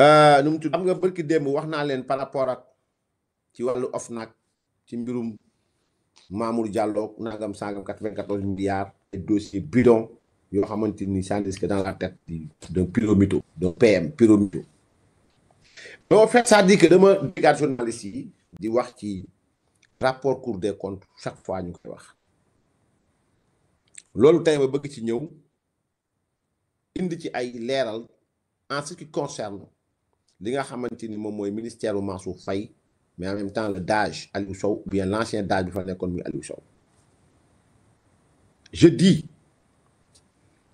Euh, num tu tudd am nga barki dem wax na len par rapport ak ci wàllu OFNAC ci mbirum Mamour Diallo nagam sangam 94 milliards et dossier bidon yo xamanteni sans risque dans la tête d'un pyramide d'un PM pyramide do fait ça dit que dama déggaat journaliste yi di wax ci rapport cour des comptes chaque fois ñu koy wax lolou tay ba bëgg ci ñew indi ci ay leeral en ce qui concerne li nga xamanteni mom moy ministère du Mansour Faye mais en même temps le DAGE Aliou Sow ou bien l'ancien Daj DAGE bi fa Sow je dis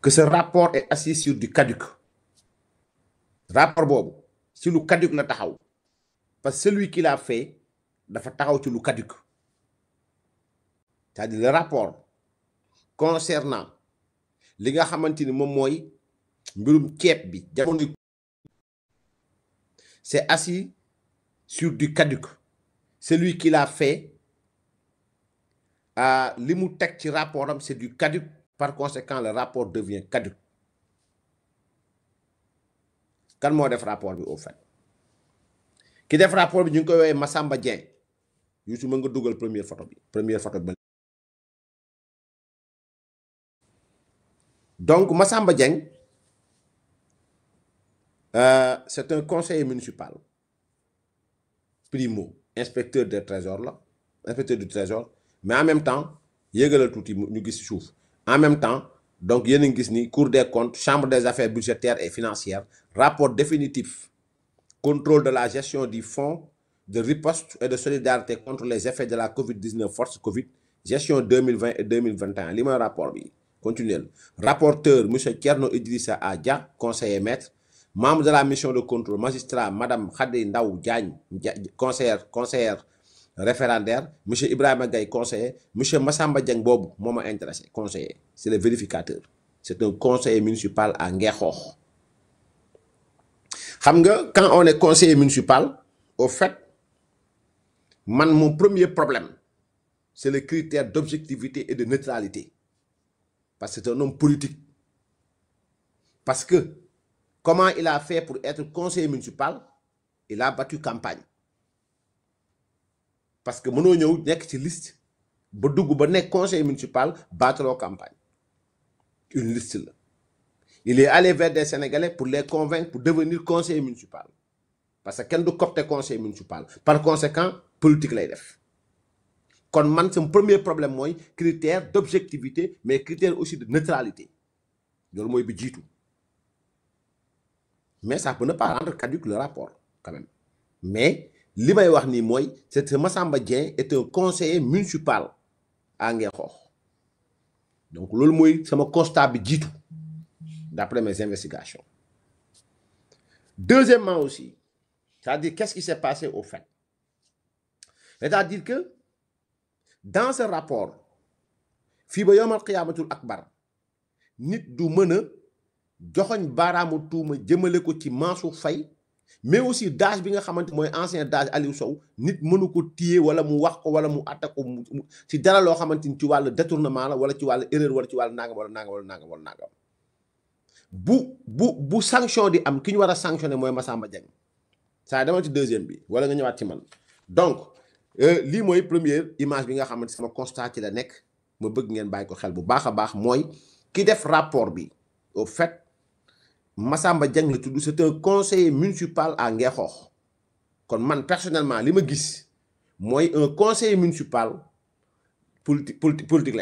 que ce rapport est assis sur du caduc rapport bobu si lu caduc la taxaw parce que celui qui l'a fait dafa taxaw ci lu caduc c'est-à-dire le rapport concernant li nga xamanteni mom moy mbirum ceeb bi jamono c'est assis sur du caduc celui qui l'a fait à ah, mu rapport c'est du caduc par conséquent le rapport devient caduc kan moo def rapport au fait ki def rapport bi ñu ngi koy Massamba Dieng Je mën nga dugal première photo première photo donc Massamba Djeng, euh, c'est un conseiller municipal. Primo, inspecteur de trésor là, inspecteur du trésor, mais en même temps, En même temps, donc y a Cour des comptes, Chambre des affaires budgétaires et financières, rapport définitif, contrôle de la gestion du fonds de riposte et de solidarité contre les effets de la COVID-19, force COVID, gestion 2020 et 2021. Li rapport bi. continuel. Rapporteur monsieur Kierno Idrissa Adja, conseiller maître membre de la mission de contrôle magistrat madame Khady Ndaw Diagne conseillère conseillère référendaire monsieur Ibrahim Gaye conseiller monsieur Massamba Djangbob, Bob, moi intéressé conseiller c'est le vérificateur c'est un conseiller municipal en guerre. quand on est conseiller municipal au fait mon premier problème c'est le critère d'objectivité et de neutralité parce que c'est un homme politique parce que Comment il a fait pour être conseiller municipal Il a battu campagne. Parce que mënoo liste ba conseiller municipal campagne une liste il est allé vers des Sénégalais pour les convaincre pour devenir conseiller municipal parce que kenn copte conseiller municipal par conséquent politique lay def c'est premier problème moyen, critère d'objectivité mais critère aussi de neutralité Je le bi tout mais ça peut ne pas rendre caduque le rapport quand même mais ce que wax nii mooy c'est Massamba est un conseiller municipal à Nguekokh donc c'est mon sama constat bi tout d'après mes investigations deuxièmement aussi c'est-à-dire qu'est-ce qui s'est passé au fait c'est-à-dire que dans ce rapport fii al yowmal akbar nit du joxoñ baramu tuuma jëmele ko ci Mansour fay mais aussi daaj bi nga xamanteni moy ancien daaj Aliou Sow nit mënu ko tiyé wala mu wax ko wala mu atta ko ci dara lo xamanteni ci wàllu détournement la wala ci wàllu erreur wala ci wàllu nangam wala nangam wala nangam wala nangam bu bu bu sanction di am ki ñu war a sanctionné mooy Massamba Diagne saa demal ci deuxième bi wala nga ñëwaat ci man donc euh li moy première image bi nga xamanteni sama constat ci la nek ma bëgg ngeen bàyyi ko xel bu baaxa baax moy ki def rapport bi au fait Massamba Dieng c'est un conseiller municipal à guerre. kon man personnellement li ma vois, c'est un conseiller municipal politique, politique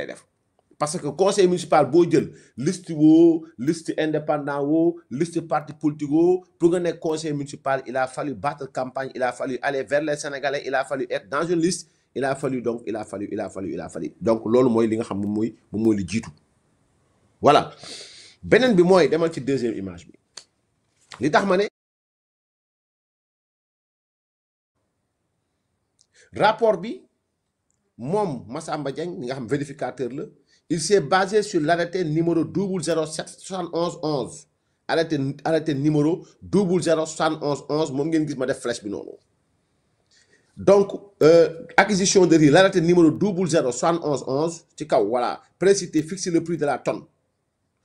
parce que conseil municipal boo une liste une liste indépendant une liste parti politique politiques. pour gagner un conseil municipal il a fallu battre campagne il a fallu aller vers les Sénégalais il a fallu être dans une liste il a fallu donc il a fallu il a fallu il a fallu donc c'est ce li nga xam moom voilà benen bi moy demal ci deuxième image bi li tax mané rapport bi mom Massamba Diagne mi nga xam vérificateur le il s'est basé sur l'arrêté numéro double arrêté arrêté numéro double mom ngeen gis ma def flèche bi non donc euh, acquisition de l'arrêté numéro double ci kaw voilà précité fixé le prix de la tonne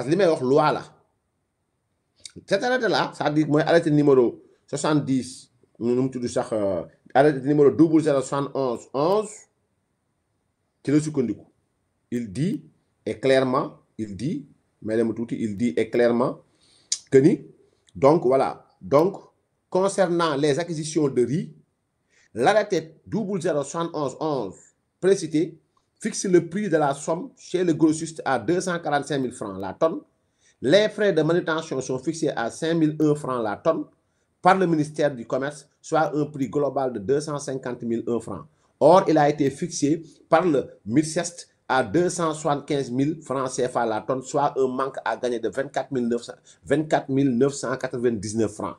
parce que li may wax loi la cet arrêté là ça dit que moi arrêté numéro 70 nous tout ça numéro double 11 qui le onze il dit et clairement il dit mais dama il dit et clairement que ni donc voilà donc concernant les acquisitions de riz l'arrêté double 11 précité fixe le prix de la somme chez le grossiste à 245 000 francs la tonne. Les frais de manutention sont fixés à 5 francs la tonne par le ministère du Commerce, soit un prix global de 250 000 francs. Or, il a été fixé par le MIRCEST à 275 000 francs CFA la tonne, soit un manque à gagner de 24, 999 francs.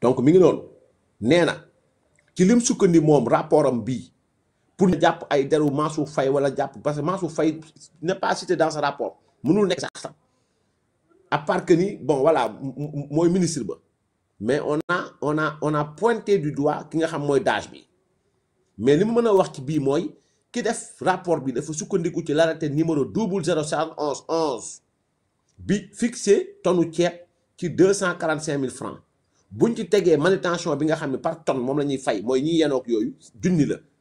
Donc, nous avons dit, rapport pour ñu jàpp ay deru Mansou Faye wala jàpp parce que Mansou Faye n'est pas cité dans ce rapport mënul nekk sax sax à part que ni bon voilà mooy ministre ba mais on a on a on a pointé du doigt ki nga xam mooy daaj bi mais li mu mën a wax ci bii mooy ki def rapport bi dafa sukkandiku ci l'arrêté numéro double bi fixé tonu ceeb ci deux cent quarante cinq mille francs buñ ci tegee manutention bi nga xam ne par tonne moom la ñuy fay mooy ñiy yenoog yooyu junni la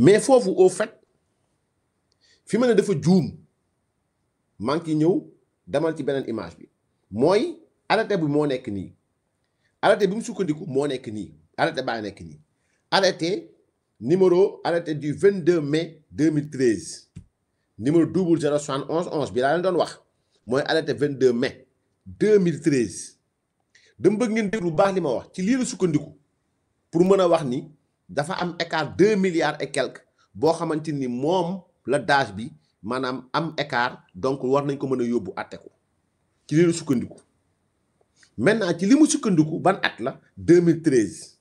mais foofu au fait fi ma ne dafa juum maa ngi ñëw demal ci beneen image bi mooy arrêté bi moo nekk nii arrêté bi mu sukkandiku moo nekk nii arrêté baa nekk nii arrêté numéro arrêté du 22 mai 2013 numéro double 0 71 11 bi laa leen doon wax mooy arrêté 22 mai 2013 dama bëgg ngeen déglu lu baax li ma wax ci lii la pour mën a wax ni dafa am écart 2 milliards et quelques bo xamanteni mom la daaj bi manam am écart donc war nañ ko mën a yóbbu ko ci li mu sukkandiku maintenant ci li mu sukkandiku ban at la 2013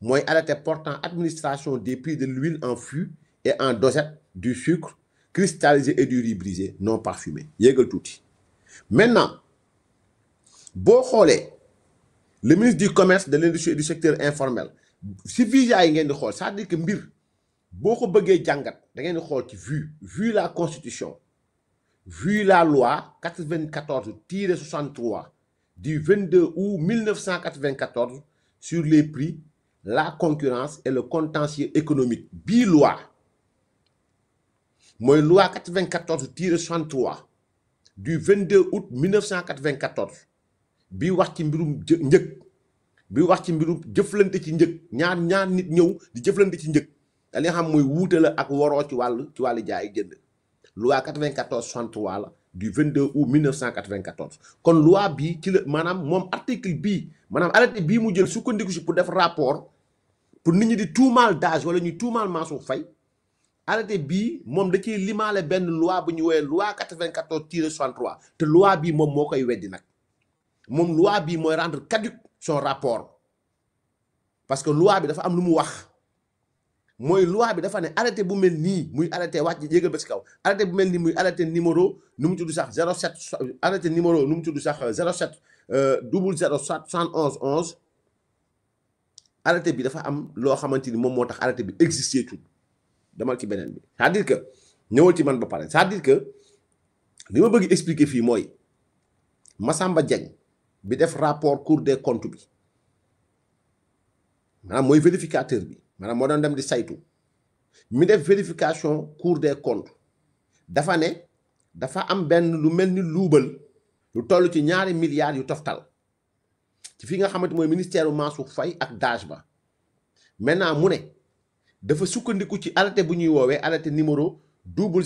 moy arrêté portant administration des prix de l'huile en fût et en dosette du sucre cristallisé et du riz brisé non parfumé yegal touti maintenant bo xolé le ministre du commerce de l'industrie et du secteur informel si visa yi ça dire que mbir vu la constitution vu la loi 94 63 du 22 août 1994 sur les prix la concurrence et le contentieux économique Bi loi la loi 94 63 du 22 août 1994 bi wax ci mbirum bi wax ci mbiru jëflante ci njëg ñaan ñaan nit ñëw di jëflante ci njëg da li xam mooy wute la ak waroo ci wàllu ci wàllu jaay jënd loi 94 63 la du 22 août 1994 kon loi bii ci la maanaam moom article bii maanaam arrêté bii mu jël sukkandiku si pour def rapport pour nit ñi di tuumaal daaj wala ñuy tuumaal Mansour Faye arrêté bii moom da ciy limaale benn loi bu ñu woowee loi 94 tiret 63 te loi bii moom moo koy weddi nag moom loi bii mooy rendre caduque son rapport parce que loi bi dafa am lu mu wax moy loi bi dafa né arrêté bu mel nii muy arrêté wàcc yégal ba ci kaw arrêté bu mel nii muy arrêté numéro nu mu tudd sax 07 arrêté numéro nu mu tudd sax 07 euh, euh, double 0 71 11 arrêté bi dafa am lo xamanteni mom motax arrêté bi existé tout demal ci benen bi c'est-à-dire que ñëwal ci man ba paré c'est-à-dire que li ma bëgg expliquer fi moy masamba Diagne bi def rapport cour des comptes bi manam vérificateur bi vais mo dem di saytu mi def vérification cour des comptes dafa ne dafa am ben lu melni loubal lu tollu ci ñaari milliards yu toftal ci fi nga ministère Mansour fay ak DAGE ba maintenant mu dafa sukkandiku ci numéro double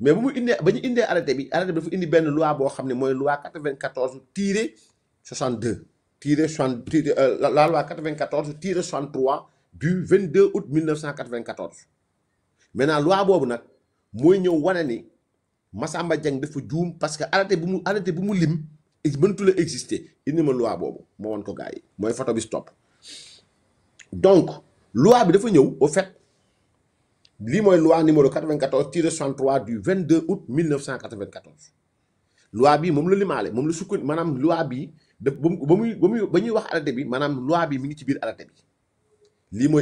mais bu mu indé ba ñu indee arrêté bi arrêté bi dafa indi benn loi boo xam ne mooy loi 94 tiré 62 tiré 60 euh, la loi 94 tiré 63 du 22 août 1994 maintenant loi boobu nag mooy ñëw wane ni masamba Dieng dafa juum parce que arrêté bu mu arrêté bu mu lim mënatu la exister indi ma loi boobu moo won ko gars yi mooy photo bi stop donc loi bi dafa ñëw au fait L'Imo moy loi numéro 94 63 du 22 août 1994 loi bi la loi bi loi bi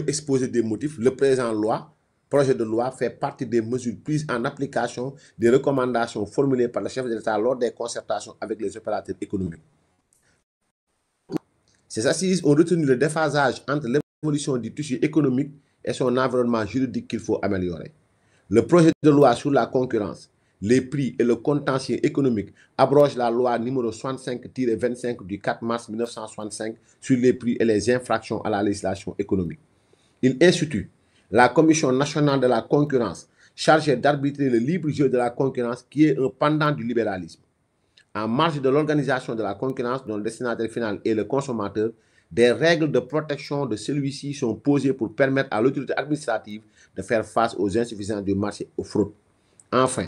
exposé des motifs le présent loi projet de loi fait partie des mesures prises en application des recommandations formulées par le chef de l'État lors des concertations avec les opérateurs économiques. Ces assises ont retenu le déphasage entre l'évolution du tissu économique et son environnement juridique qu'il faut améliorer. Le projet de loi sur la concurrence, les prix et le contentieux économique abroge la loi numéro 65-25 du 4 mars 1965 sur les prix et les infractions à la législation économique. Il institue la Commission nationale de la concurrence chargée d'arbitrer le libre jeu de la concurrence qui est un pendant du libéralisme. En marge de l'organisation de la concurrence dont le destinataire final est le consommateur, des règles de protection de celui-ci sont posées pour permettre à l'autorité administrative de faire face aux insuffisances du marché aux fraudes. Enfin,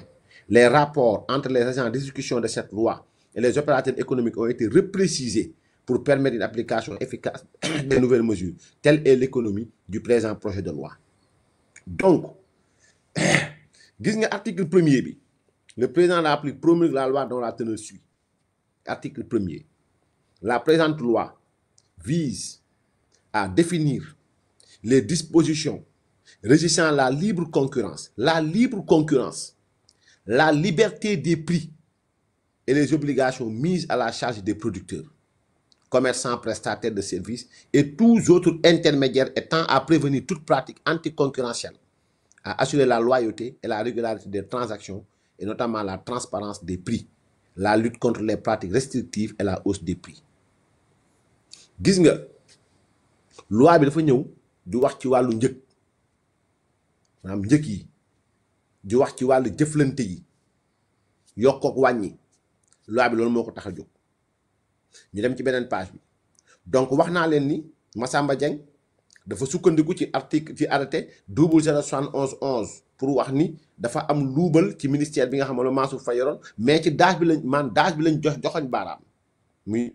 les rapports entre les agents d'exécution de cette loi et les opérateurs économiques ont été reprécisés pour permettre une application efficace des nouvelles mesures. Telle est l'économie du présent projet de loi. Donc, disons article premier le président de la promulgue la loi dont la teneur suit article 1er. la présente loi vise à définir les dispositions régissant la libre concurrence, la libre concurrence, la liberté des prix et les obligations mises à la charge des producteurs, commerçants, prestataires de services et tous autres intermédiaires étant à prévenir toute pratique anticoncurrentielle, à assurer la loyauté et la régularité des transactions et notamment la transparence des prix, la lutte contre les pratiques restrictives et la hausse des prix. gis nga loi bi dafa ñew di wax ci walu ñeuk manam ñeuk yi di wax ci walu jëflante yi ko wañi loi bi loolu moko taxal juk ñu dem ci benen page bi donc wax na len ni Massamba jeng dafa sukkandiku ci article fi arrêté double zero pour wax ni dafa am loubal ci ministère bi nga xam ne Mansour fayoron mais ci daaj bi lañ man daaj bi lañ jox joxagn baram muy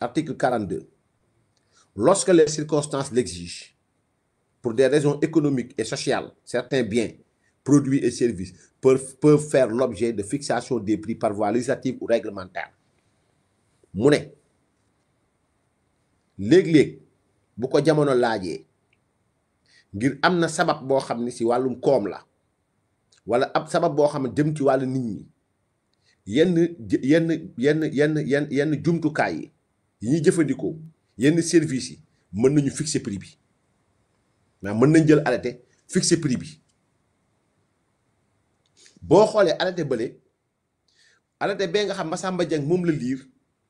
Article 42. Lorsque les circonstances l'exigent, pour des raisons économiques et sociales, certains biens, produits et services peuvent, faire l'objet de fixation des prix par voie législative ou réglementaire. mu l'Église, léeg-léeg bu ko jamono laajee ngir amna sabab bo xam ne si wàllum koom la wala ab sabab bo xam dem ci walu nit ñi yenn yenn yenn yenn yenn yenn yi yi ñuy yenn service yi mën nañu fixer prix bi mais mën nañ jël arrêté fixer prix bi boo xoolee arrêté bële arrêté bee nga xam Massamba Dieng moom la liir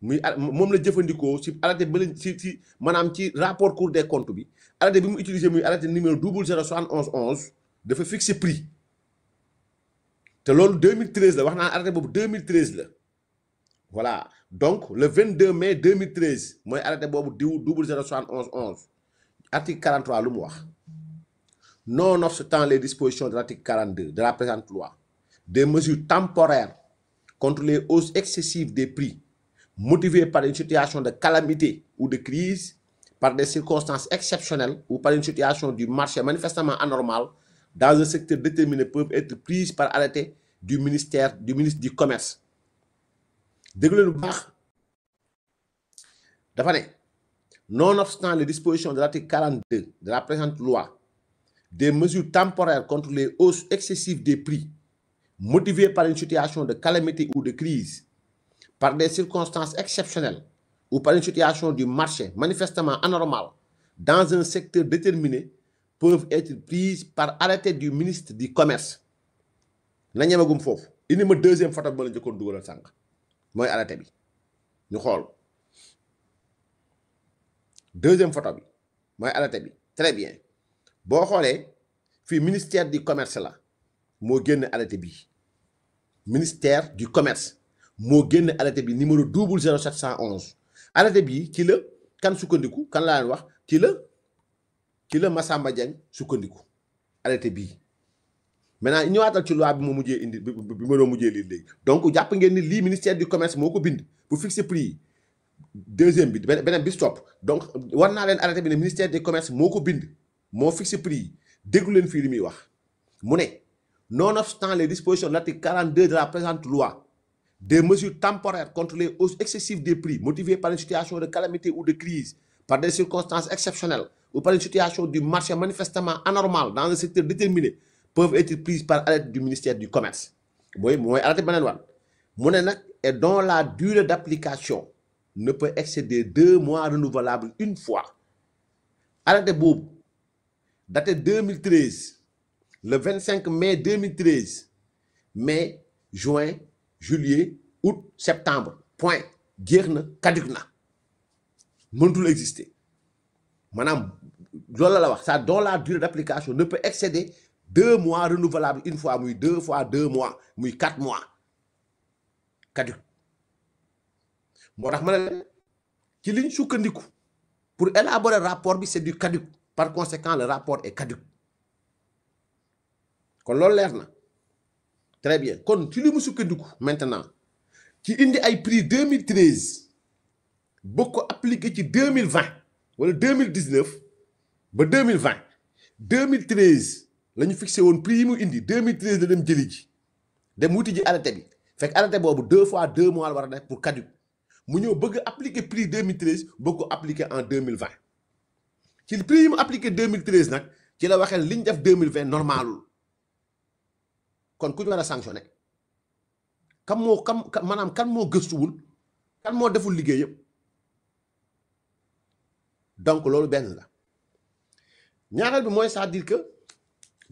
muy moom la jëfandikoo si arrêté bële si si maanaam ci rapport Cour des comptes bi arrêté bi mu utiliser muy arrêté numéro double zéro soixante onze onze dafa fixer prix te loolu 2013 la wax naa arrêté boobu 2013 la voilà donc le 22 mai 2013 moi, arrêté double article 43 lu Non, Non nonobstant les dispositions de l'article 42 de la présente loi des mesures temporaires contre les hausses excessives des prix motivées par une situation de calamité ou de crise par des circonstances exceptionnelles ou par une situation du marché manifestement anormale dans un secteur déterminé peuvent être prises par arrêté du ministère du ministre du commerce déglu non nonobstant les dispositions de l'article 42 de la présente loi des mesures temporaires contre les hausses excessives des prix motivées par une situation de calamité ou de crise par des circonstances exceptionnelles ou par une situation du marché manifestement anormale dans un secteur déterminé peuvent être prises par arrêté du ministre du commerce une deuxième photo nous arrêté bi ñu xol deuxième photo bi à la bi très bien Bonjour xolé le ministère du commerce là, à la arrêté Le ministère du commerce mo à arrêté bi numéro 00711. la kan kan Massamba maintenant ñëwaatal ci loi bi mo mujjé indi bi ma doon donc japp ngeen ni li ministère du commerce moko bind pour fixer prix Deuxième, deuxième bi benen bi stop donc war na len arrêté bi ministère du commerce moko bind mo fixer prix yi déglu leen fii wax mu nonobstant les dispositions de l'article 42 de la présente loi des mesures temporaires contre les hausses excessives des prix motivées par une situation de calamité ou de crise par des circonstances exceptionnelles ou par une situation du marché manifestement anormale dans un secteur déterminé peuvent être prises par l'aide du ministère du commerce vous moi, arrêté de Mon dire, mon et dont la durée d'application ne peut excéder deux mois renouvelables une fois arrêté vous. daté 2013 le 25 mai 2013 mai juin juillet août septembre point Guérne, caducna. Mon tout exister maanaam ça dans la durée d'application ne peut excéder deux mois renouvelable une fois deux fois deux mois quatre mois caduc Moi, qui pour élaborer rapport c'est du caduc par conséquent le rapport est caduc Quand loolu très bien kon tu li du maintenant qui a pris 2013 Beaucoup appliqué 2020 Ou 2019 2020 2013 lañu fixé won prix yi mu indi 2013 la dem jëli ji dem wuti ji arrêté bi fekk arrêté bobu deux fois deux mois wara war def pour caduc mu ñeu bëgg appliquer prix 2013 bëgg ko appliquer en 2020 ci prix yi mu appliqué 2013 nak ci la waxee liñ def 2020 normalul kon ku ñu war a sanctionné kam moo kan maanaam kan moo gëstuwul kan mo deful liggéey yëpp donc lolu ben la ñaaral bi moy ça dire que.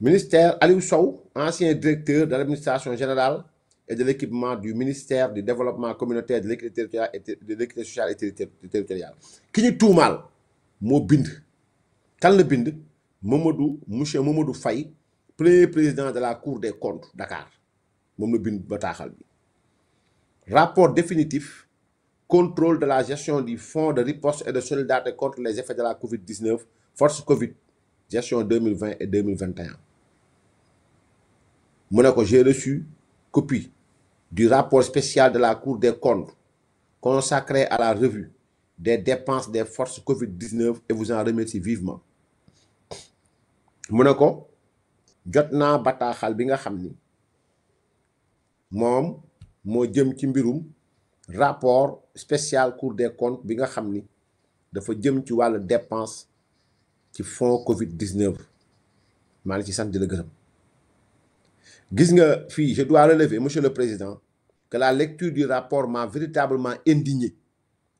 Ministère Aliou Sow, ancien directeur de l'administration générale et de l'équipement du ministère du développement communautaire de l'équité et de l'équité sociale et territoriale. Qui tout mal Mo bind kan bind Mamadou monsieur Mamadou premier président de la cour des comptes Dakar moom bind rapport définitif contrôle de la gestion du fonds de riposte et de solidarité contre les effets de la Covid 19 force Covid gestion 2020 et 2021 Monaco, j'ai reçu copie du rapport spécial de la Cour des comptes consacré à la revue des dépenses des forces Covid-19 et vous en remercie vivement Monaco, jotna bata un bi nga jëm ci rapport spécial Cour des comptes bi nga xamni dafa jëm qui font Covid 19 maa ngi ci sant je dois relever monsieur le président que la lecture du rapport m'a véritablement indigné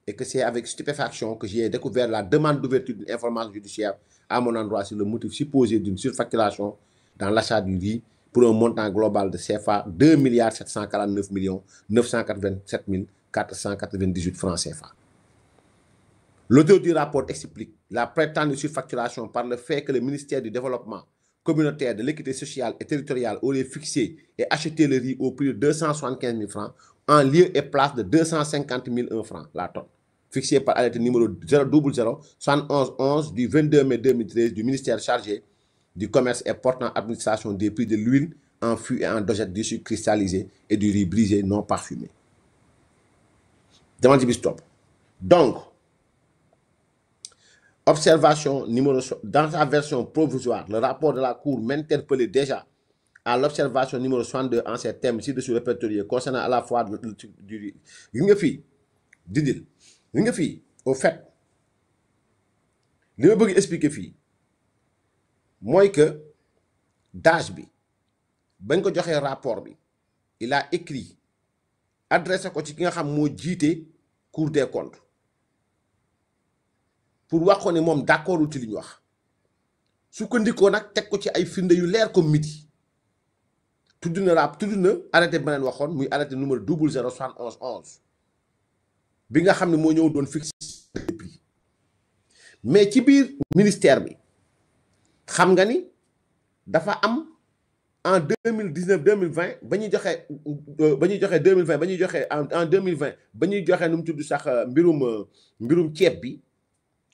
et que c'est avec stupéfaction que j'ai découvert la demande d'ouverture d'une information judiciaire à mon endroit sur le motif supposé d'une surfacturation dans l'achat du riz pour un montant global de CFA 2 749 987 498 francs CFA. L'audio du rapport explique la prétendue surfacturation par le fait que le ministère du Développement communautaire de l'équité sociale et territoriale aurait fixé et acheté le riz au prix de 275 000 francs en lieu et place de 250 000 francs la tonne, fixé par arrêté numéro 000-711-11 du 22 mai 2013 du ministère chargé du commerce et portant administration des prix de l'huile en fût et en dojette de sucre cristallisé et du riz brisé non parfumé. Demande stop. Donc, Observation numéro Dans sa version provisoire, le rapport de la Cour m'interpellait déjà à l'observation numéro 62 en ces thèmes ci-dessus répertorié concernant à la fois du li nga fii au fait nous veux expliquer fii moi que quand bi a ko rapport bi il a écrit adresse à ci ki nga Cour des comptes pour wax ko ne moom d'accordul ci li ñu wax sukkandikoo nag teg ko ci ay firnde yu leer comme midi tudd na raab tudd na arrêté beneen waxoon muy arrêté numéro double zéro soixante onze onze bi nga xam ne moo ñëw doon fixé prix mais ci biir ministère bi xam nga ni dafa am en deux mille dix neuf deux mille vingt ba ñuy joxe euh, ba ñuy joxe deux mille vingt ba ñuy joxe en deux mille vingt ba ñuy joxe nu mu tudd sax euh, mbirum euh, mbirum ceeb bi.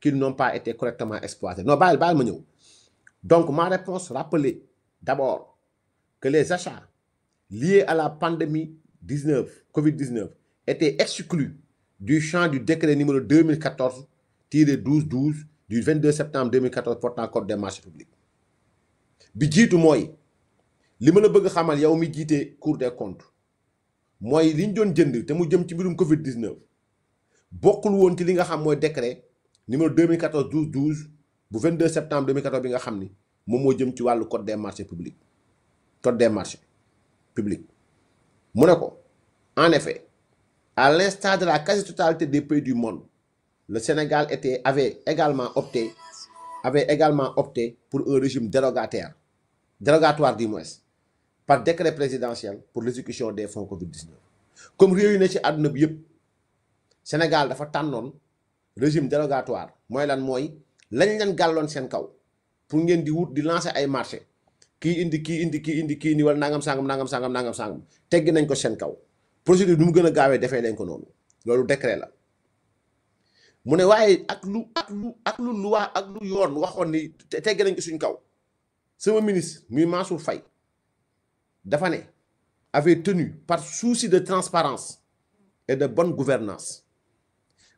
qu'ils n'ont pas été correctement exploités. Donc, ma réponse rappelez d'abord que les achats liés à la pandémie COVID-19 étaient exclus du champ du décret numéro 2014 12-12, du 22 septembre 2014 portant code des marchés publics. ce qui li ma que cour des comptes te Covid 19 li décret numéro 2014 12 12 le 22 septembre 2014 bi nga xamni mom mo jëm code des marchés publics code des marchés publics Monaco, en effet à l'instar de la quasi-totalité des pays du monde le Sénégal était avait également opté avait également opté pour un régime dérogataire dérogatoire du par décret présidentiel pour l'exécution des fonds Covid-19 comme réunion ci Sénégal bi fait Sénégal dafa régime dérogatoire mooy lan mooy lañ leen gàlloon seen kaw pour ngeen di wut di lancer ay marché kii indi kii indi kii indi kii indi wala nangam sangam nangam sangam nangam sangam teggi nañ ko seen kaw procédure bi mu gën a gaawee defee nañ ko noonu loolu décret la mu ne waaye ak lu ak lu ak lu waa ak lu yoon waxoon ni teggi nañ ko suñ kaw sama ministre muy Mansour fay dafa ne avait tenu par souci de transparence et de bonne gouvernance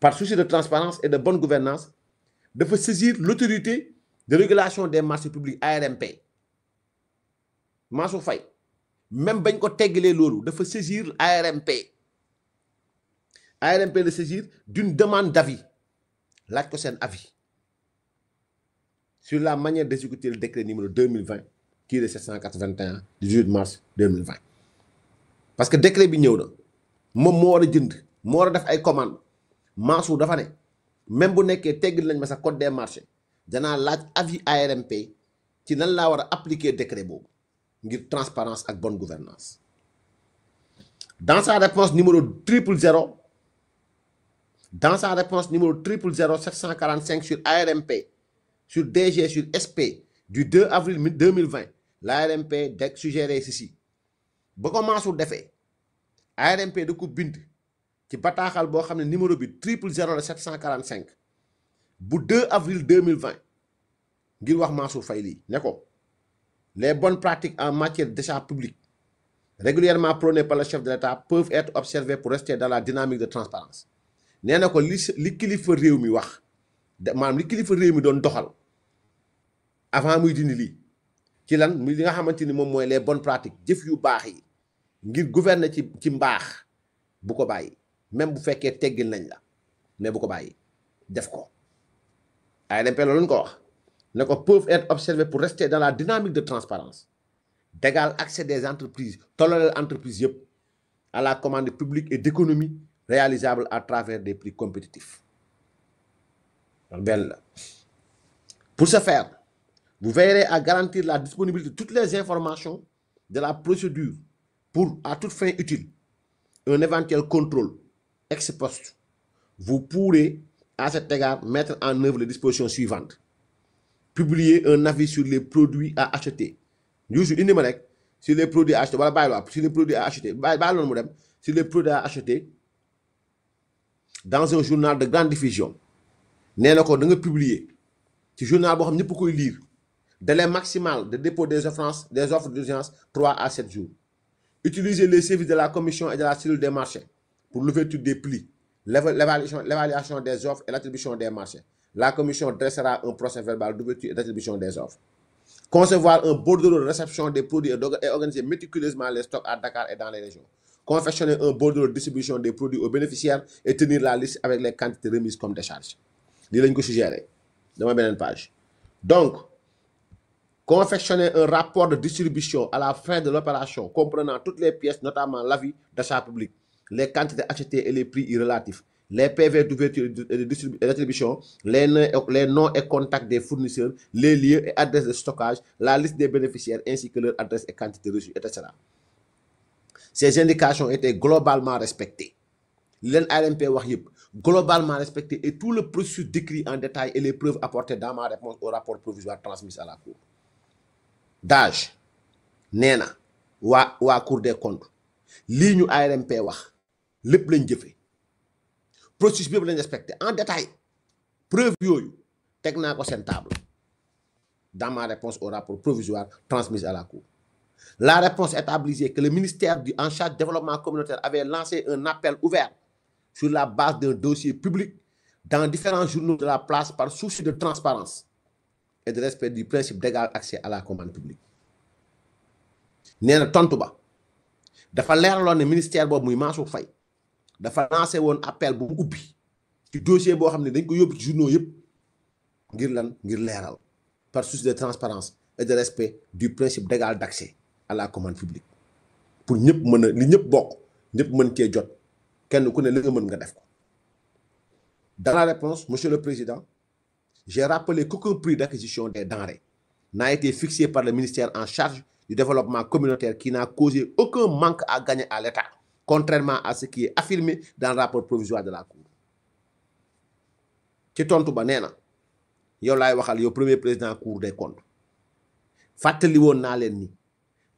par souci de transparence et de bonne gouvernance de saisir l'autorité de régulation des marchés publics ARMP Faye même bañ ko saisir l'ARMP. ARMP de saisir d'une demande d'avis Là ko avis sur la manière d'exécuter le décret numéro 2020 qui est le 781 18 mars 2020 parce que le décret est venu. na suis commandes Mansour dafa ne même bu nekkee teggil nañ ma sa code des marchés danaa laaj avis ARMP ci nan laa war a appliquer décret boobu ngir transparence ak bonne gouvernance dans sa réponse numéro triple dans sa réponse numéro triple zéro sur ARMP sur DG sur SP du 2 avril 2020 l'ARMP a suggéré ceci ba ko Mansour defee ARMP da ko bind ci bataaxal boo xam numéro bi triple bu 2 avril 2020 ngir wax Mansour Faye lii ne ko les bonnes pratiques en matière d'achat public régulièrement prônées par le chef de l'État peuvent être observées pour rester dans la dynamique de transparence nee na ko li li kilifa réew mi wax maanaam li kilifa réew mi doon doxal avant muy dindi lii ci lan muy li nga xamante ni moom les bonnes pratiques jëf yu baax yi ngir gouverner ci ci mbaax bu ko bàyyi même bu fekkee teggil nañ la mais bu ko bàyyi def ko ARMP ko wax ne ko peuvent être observés pour rester dans la dynamique de transparence d'égal accès des entreprises les entreprises à la commande publique et d'économie réalisable à travers des prix compétitifs pour ce faire vous veillerez à garantir la disponibilité de toutes les informations de la procédure pour à toute fin utile un éventuel contrôle ex poste, vous pourrez, à cet égard, mettre en œuvre les dispositions suivantes. Publier un avis sur les produits à acheter. Sur les produits à acheter, sur les produits à acheter, sur les produits à dans un journal de grande diffusion. néanmoins ce pas da publier Si journal n'ai pas pu lire délai maximal de dépôt des offres des offres d'urgence 3 à 7 jours utiliser les services de la commission et de la cellule des marchés pour l'ouverture des plis, l'évaluation des offres et l'attribution des marchés. La commission dressera un procès verbal d'ouverture et d'attribution des offres. Concevoir un bordereau de réception des produits et organiser méticuleusement les stocks à Dakar et dans les régions. Confectionner un bordereau de distribution des produits aux bénéficiaires et tenir la liste avec les quantités remises comme des charges. dans ma belle page. Donc, confectionner un rapport de distribution à la fin de l'opération comprenant toutes les pièces, notamment l'avis d'achat public les quantités achetées et les prix irrelatifs, les PV d'ouverture et de distribution, les, noms et contacts des fournisseurs, les lieux et adresses de stockage, la liste des bénéficiaires ainsi que leurs adresses et quantités reçues, etc. Ces indications étaient globalement respectées. L'ARMP globalement respecté et tout le processus décrit en détail et les preuves apportées dans ma réponse au rapport provisoire transmis à la Cour. Dage, Nena, wa, wa Cour des comptes, ligne ARMP lepp lañ jëfee processus bi respecté en détail preuve yooyu teg table dans ma réponse au rapport provisoire transmise à la cour la réponse établie que le ministère du en charge développement communautaire avait lancé un appel ouvert sur la base d'un dossier public dans différents journaux de la place par souci de transparence et de respect du principe d'égal accès à la commande publique nee na tontu ba dafa ne ministère boobu muy dafa lancé won appel bu mu ci dossier bo xamné dañ ko yob ci journaux yépp ngir lan ngir léral par souci de transparence et de respect du principe d'égal d'accès à la commande publique pour ñëpp mën li ñëpp bok ñëpp mën jot kenn ku ne li nga mën nga def ko dans la réponse monsieur le président j'ai rappelé qu'aucun prix d'acquisition des denrées n'a été fixé par le ministère en charge du développement communautaire qui n'a causé aucun manque à gagner à l'État contrairement à ce qui est affirmé dans le rapport provisoire de la cour ci tontu ba Nena? na yow laay waxal yow premier président cour des comptes Fatali won na len ni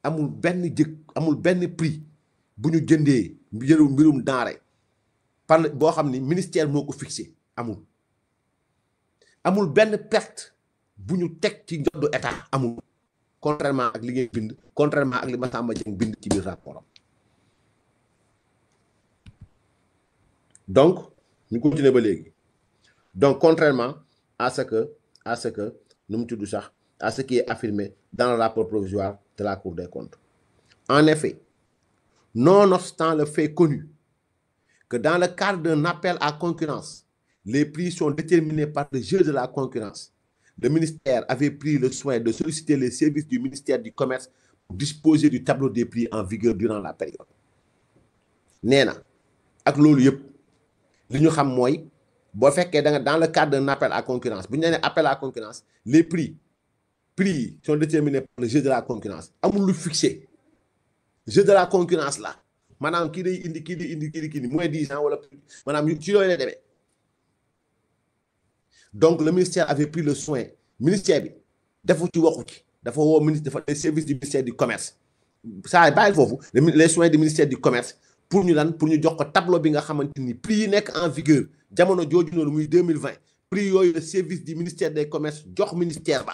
amul benn jëg amul benn prix bu ñu jëndee jëru mbirum denrée par boo xam ni ministère moo ko fixé amul amul benn perte bu ñu teg ci njoddu état amul contrairement ak li ngay bind contrairement ak li Massamba Dieng bind ci biir rapport donc nous continuons. donc contrairement à ce que à ce que à ce qui est affirmé dans le rapport provisoire de la Cour des comptes en effet nonobstant le fait connu que dans le cadre d'un appel à concurrence les prix sont déterminés par le jeu de la concurrence le ministère avait pris le soin de solliciter les services du ministère du commerce pour disposer du tableau des prix en vigueur durant la période Néna, li xam que dans le cadre d'un appel à concurrence bu appel à concurrence les prix prix sont déterminés par le jeu de la concurrence amul lu fixé jeu de la concurrence là. maanaam kii day indi qui dit, indi kii di kii di moins 10 ans wala Madame, ci yooyu lay donc le ministère avait pris le soin ministère bi defu ci waxu ci ministère, woo ministre du ministère du commerce Ça pas bàyyi vous, les soins du ministère du commerce pour nous donner pour tableau bi nga prix en vigueur jamono jooju 2020 prix au le service du ministère des commerces jox ministère ba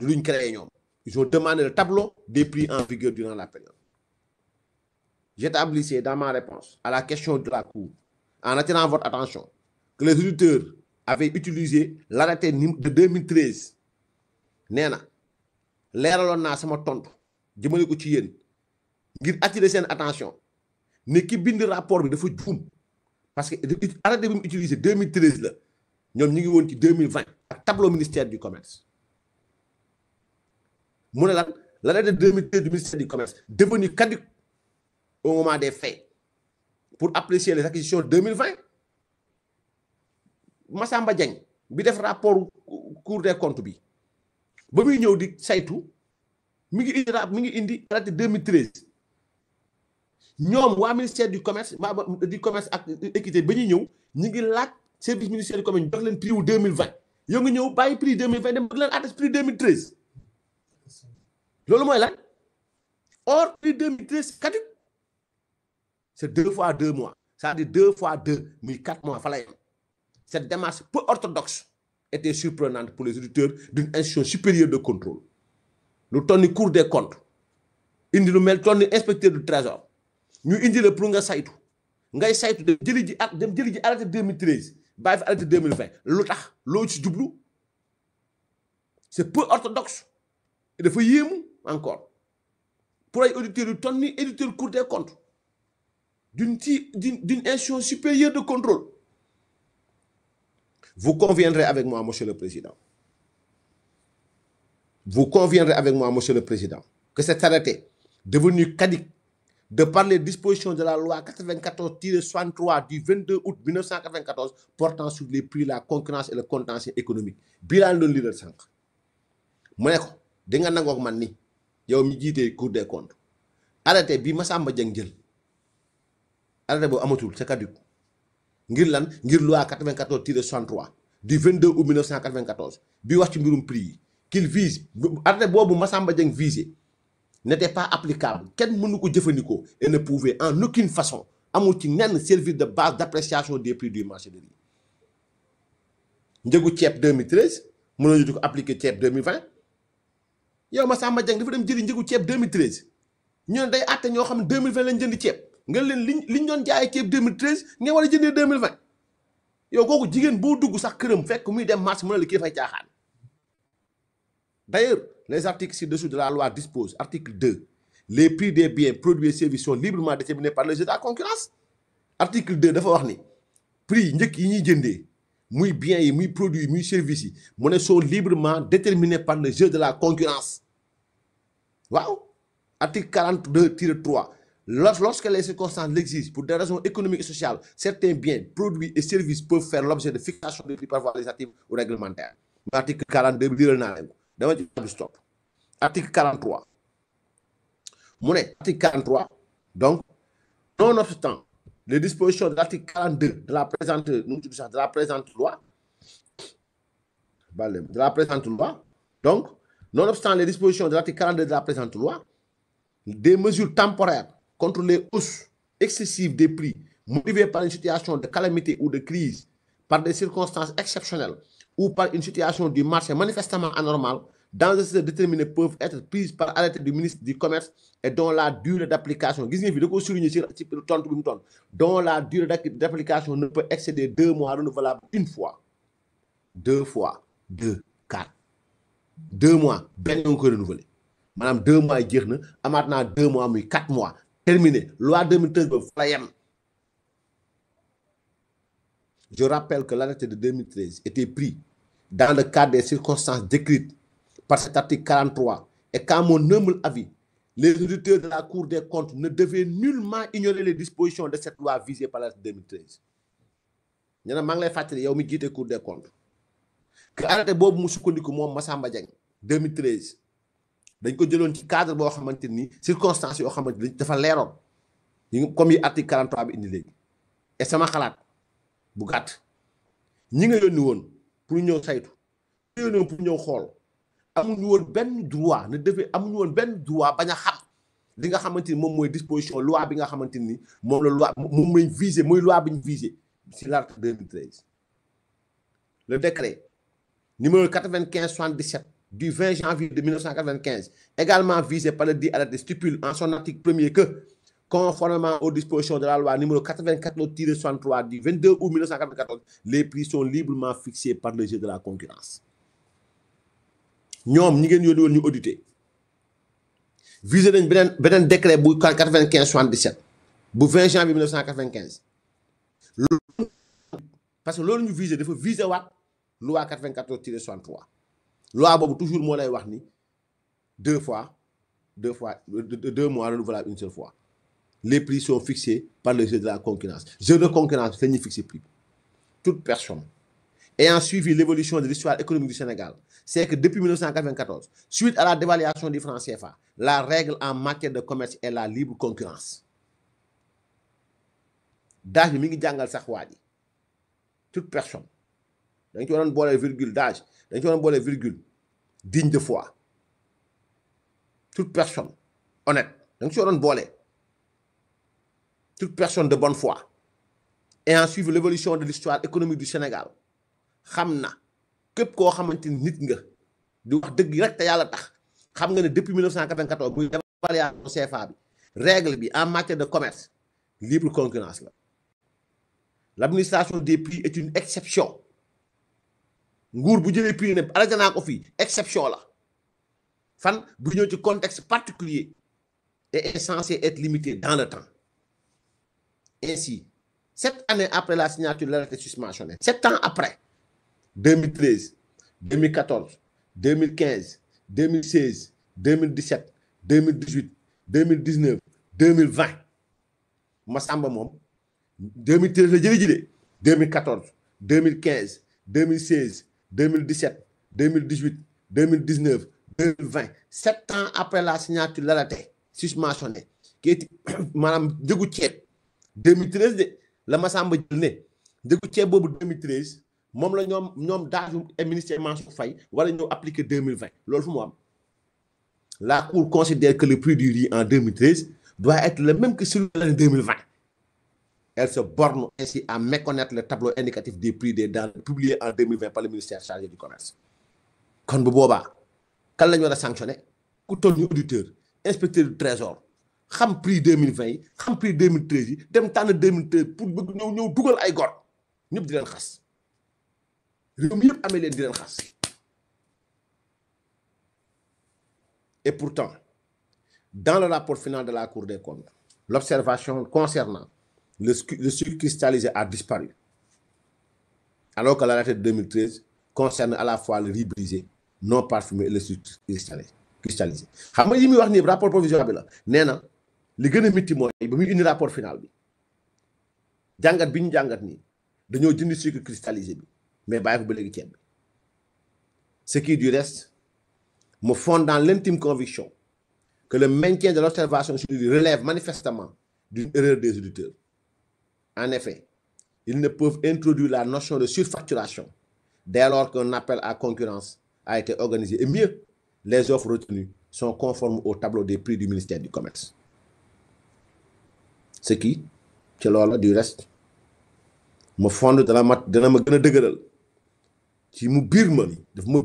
luñ créé demande ils ont demandé le tableau des prix en vigueur durant la période j'établissais dans ma réponse à la question de la cour en attirant votre attention que les auditeurs avaient utilisé l'arrêté de 2013 nee na a naa sama tontu jëmale ko ci yéen ngir attirer attention ne ki rapport bi dafa djoum parce que arrêté bi utilisé 2013 la ñom ñi ngi won ci 2020 ak tableau ministère du commerce L'année de 2013 du ministère du commerce devenu caduc au moment des faits pour apprécier les acquisitions 2020 Massamba Diagne bi def rapport cour des comptes bi ba muy ñëw di saytu mi ngi indi mi ngi indi arrêté 2013 ñom wa ministère du commerce du commerce ak nous ba ñuy ngi service ministériel du commerce dox prix 2020 Nous nga ñew prix 2020 dem jox leen atas prix 2013 lolu moy lan or prix 2013 c'est deux fois deux mois c'est-à-dire deux fois deux mais quatre mois fa cette démarche peu orthodoxe était surprenante pour les auditeurs d'une institution supérieure de contrôle Nous avons cours des comptes indi lu mel toll inspecteur du trésor nous, indi le pour nga saytu ngay saytu dem jëli ji dem arrêté 2013 bàyyi arrêté 2020 lutax lo ci c'est peu orthodoxe y yéemu encore pour ay auditeurs yu toll ni auditeur cour des comptes d'une d'une institution supérieure de contrôle vous conviendrez avec moi monsieur le président vous conviendrez avec moi monsieur le président que cet arrêté devenu caduc de par les dispositions de la loi 94-63 du 22 août 1994 portant sur les prix, la concurrence et le contentieux économique. Bilan le leader 5. Je dis que vous avez dit que vous avez cours des comptes. Arrêtez, bi Massamba Arrêtez, jël arrêté amatul c'est caduc ngir lan ngir loi 94-63 du 22 août 1994 bi wax ci mbirum prix qu'il vise arrêté boobu Massamba Dieng visé n'était pas applicable kenn mënu ko jëfandikoo et ne pouvait en aucune façon amul ci nenn servir de base d'appréciation des prix du marché de riz njëgu ceeb 2013 mënoo nous ko appliquer ceeb 2020 yow Massamba Dieng dafa dem jëli njëgu ceeb 2013 ñu ne day àtte ñoo xam 2020 l'année jënd ceeb nga leen liñ liñ doon jaayee ceeb 2013 nga war a 2020 yow kooku jigéen boo dugg sax këram fekk muy dem marché mën a la kii d'ailleurs les articles ci-dessous de la loi disposent, article 2, les prix des biens, produits et services sont librement déterminés par le jeu de la concurrence. Article 2 Les prix biens produits services sont librement déterminés par le jeu de la concurrence Wow. Article 42 3 lorsque les circonstances l'exigent pour des raisons économiques et sociales certains biens produits et services peuvent faire l'objet de fixation de prix par voie législative ou réglementaire. Article 42 dama article 43 mu article 43 donc nonobstant les dispositions de l'article 42 de la présente de la présente loi de la présente loi donc nonobstant les dispositions de l'article 42 de la présente loi des mesures temporaires contre les hausses excessives des prix motivées par une situation de calamité ou de crise par des circonstances exceptionnelles ou par une situation du marché manifestement anormale dans un secteur déterminé peuvent être prises par arrêté du ministre du Commerce et dont la durée d'application, dont la durée d'application ne peut excéder deux mois renouvelables une fois, deux fois, deux, quatre. Deux mois, ben on peut Madame, deux mois, il y maintenant deux mois, mais quatre mois. Terminé. Loi 2013, Je rappelle que l'arrêté de 2013 était pris dans le cadre des circonstances décrites par cet article 43 et qu'à mon humble avis, les auditeurs de la Cour des comptes ne devaient nullement ignorer les dispositions de cette loi visée par la 2013. Il y a un lay fàttali yow mi Cour des comptes suis arrêté à la cour des comptes 2013 dañ ko jëloon ci cadre boo xamante circonstances qui ont été dafa comme l'article 43 bi et sama m'a bu gàtt ñi nga pour ñeu saytu réunion pour ñeu xol amuñu woon ben droit ne devait amuñu woon ben droit baña xam li nga xamante mom moy disposition loi bi nga xamante mom la loi moom lañ visé moy loi bi ñu visé ci l'article 2013 le décret numéro 95 77 du 20 janvier de 1995 également visé par le dit arrêté stipule en son article premier que Conformément aux dispositions de la loi numéro 84-63 du 22 août 1994, les prix sont librement fixés par le jeu de la concurrence. Nous, avons ngeen yónni ñu audité visé nañ décret 95 77 le 20 janvier 1995 parce que nous ñu il dafa viser la loi 94 63 63 loi est toujours moo lay wax ni deux fois deux fois deux mois renouvelable une seule fois les prix sont fixés par le jeu de la concurrence. Jeu de concurrence, c'est fixé prix. Toute personne ayant suivi l'évolution de l'histoire économique du Sénégal, c'est que depuis 1994, suite à la dévaluation du franc CFA, la règle en matière de commerce est la libre concurrence. D'âge, mingi jangal sakhwadi. Toute personne. Dañ ci bolé virgule d'âge, dañ ci bolé virgule digne de foi. Toute personne honnête, Donc, ci waron bolé toute personne de bonne foi, ayant suivre l'évolution de l'histoire économique du Sénégal, xamna que ko koo que nit nga di wax dëgg rek ta yalla tax xam nga ne depuis 1994 muy dévaluation CFA bi règle bi en matière de commerce libre concurrence la l'administration des prix est une exception nguur bu jëlee prix ne arrêté naa ko fi exception la fan bu ñëw ci contexte particulier et est censé être limité dans le temps ainsi, sept années après la signature de l'arrêté suspensionné, sept ans après, 2013, 2014, 2015, 2016, 2017, 2018, 2019, 2020, Massamba Mom, 2013 2014 2015 2016 2017 2018 2019 2020 sept ans après la signature de l'arrêté susmentionné qui maanaam Madame 2013 de la Massamba jël ne dëggu ceeb 2013 mom la ñom ñoom daaju ministère Mansour fay wala ñoo appliqué 2020 lolou fu mo am la cour considère que le prix du riz en 2013 doit être le même que celui de l'année 2020 elle se borne ainsi à méconnaître le tableau indicatif des prix des denrées publié en 2020 par le ministère chargé du commerce kon bu boba kan la sanctionner a sanctionné ku du auditeur inspecteur du trésor xam prix 2020, xam prix 2013 dem tànn deux pour bëgg ñëw ñëw dugal ay gor ñëpp di leen xass réew mi yëpp amé leen di leen xass et pourtant dans le rapport final de la Cour des comptes l'observation concernant le le sucre cristallisé a disparu alors que la de 2013 concerne à la fois le riz brisé non parfumé et le sucre cristallisé cristallisé xam nga yi wax ni rapport provisoire bi la nee na li rapport final bi ni. cristallisé mais bàyyi ko ba léegi ce qui du reste me fonde dans l'intime conviction que le maintien de l'observation sur lui relève manifestement d'une erreur des auditeurs. En effet, ils ne peuvent introduire la notion de surfacturation dès lors qu'un appel à concurrence a été organisé. Et mieux, les offres retenues sont conformes au tableau des prix du ministère du Commerce ce qui ci loola du reste ma fond dana suis dana ma gën a dëgëral ci mu biir ma ni daf ma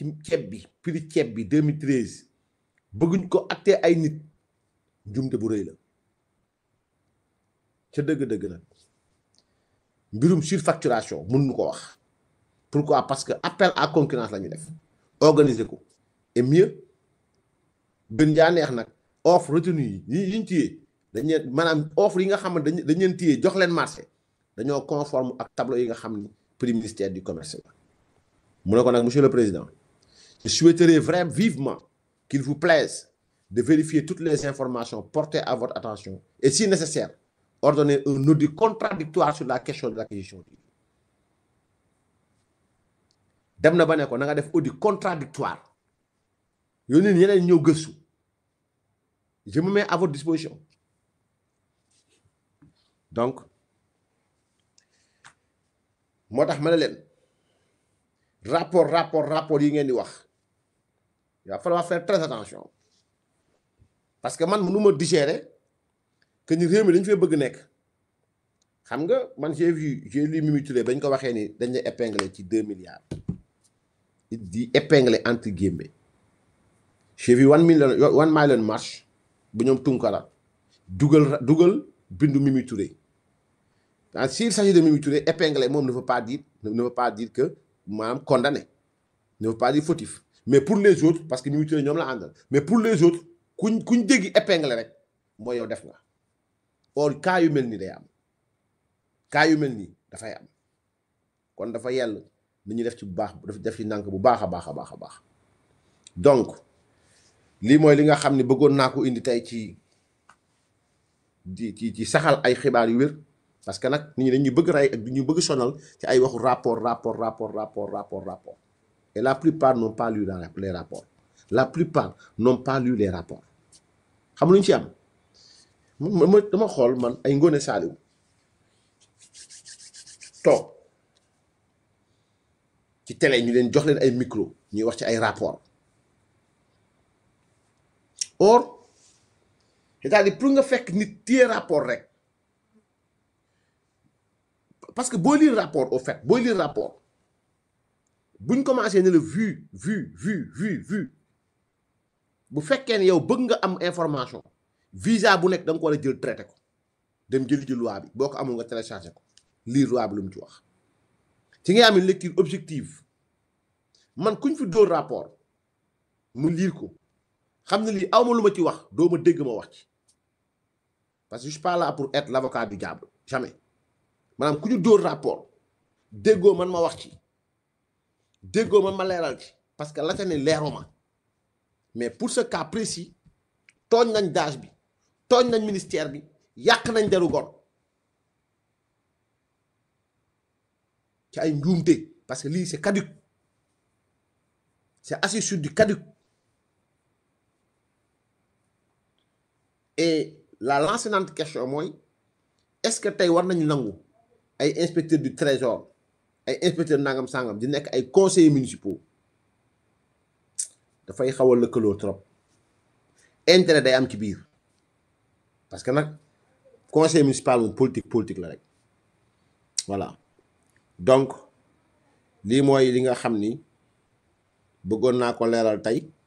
ñu ci bi 2013 ko acté ay nit njumte bu rëy la ca dëgg-dëgg nag mbirum surfacturation mun nu ko pourquoi parce que appel à concurrence la def organiser et mieux offre retenue yi ñu ñu offre yi nga xam dañ leen téye jox leen marché dañoo conforme ak tableau yi nga xam ni prix ministère du commerce la mu ko nag monsieur le président je souhaiterais vraiment vivement qu'il vous plaise de vérifier toutes les informations portées à votre attention et si nécessaire ordonner un audit contradictoire sur la question de l'acquisition du dem na ba ne ko na nga def audit contradictoire yooyu nit ñeneen ñëw gëstu je me mets à votre disposition. donc moi, je rapport rapport rapport il va falloir faire très attention parce que je dis me digérer que nous xam nga man j'ai vu j'ai lu ko ni dañ épingler 2 milliards dit épingler entre guillemets j'ai vu million 1 million marche ba ñoom Tunkara dugal dugal bindu Mimi Touré ah s'il s'agit de Mimi Touré épinglé moom ne veut pas dire ne veut pas dire que maanaam condamné ne veut pas dire fautif mais pour les autres parce que Mimi Touré ñoom la àndal mais pour les autres kuñ kuñ dégg épinglé rek mooy yow def nga or cas yu mel nii day am cas yu mel nii dafay am kon dafa yell ni ñu def ci bu baax def ci bu baax a baax a baax a baax donc. lii mooy li nga xam ne bëggoon naa ko indi tey ci ci ci saxal ay xibaar yu wér parce que nag nit ñi ñuy bëgg ray ak du ñu bëgg sonal ci ay waxu rapport rapport rapport rapport rapport rapport et la plupart n'ont pas lu les rapports la plupart n'ont pas lu les rapports xam lu ñu ci am ma dama xool man ay Ngoné Saliou to ci télé ñu leen jox leen ay micro ñuy wax ci ay rapport or c'est-à-dire pour fait nit un rapport parce que booy lire rapport au fait booy lire rapport buñ commencé ne le vu vu vu vu vu Vous faites yow information visa bu ko avez a jël traité ko dem ji loi bi boko nga télécharger ko lire loi bi lu ci wax ci nga am une lecture objective man kuñ fi do rapport mu lire ko xamna li lii aw ci wax doo ma dégg ma wax ci parce que je suis pas là pour être l'avocat du diable jamais manam kuñu ñu rapport déggoo man ma wax ci déggoo man ma leeral ci parce que la ca ne mais pour ce cas précis togn nañ daage bi togn nañ ministère bi yak nañ deru gor ci ay njuumte parce que li c'est caduc c'est assis sur du caduc et la lancinante question moi est-ce que tay war nañ nangu ay inspecteur du trésor ay inspecteur nangam sangam di nek ay conseillers municipaux dafay xaw a lëkkaloo trop intérêt day am ci biir parce que nak conseil municipal ou politique politique la rek voilà donc li moy li nga xamni ni bëggoon naa ko leeral tey.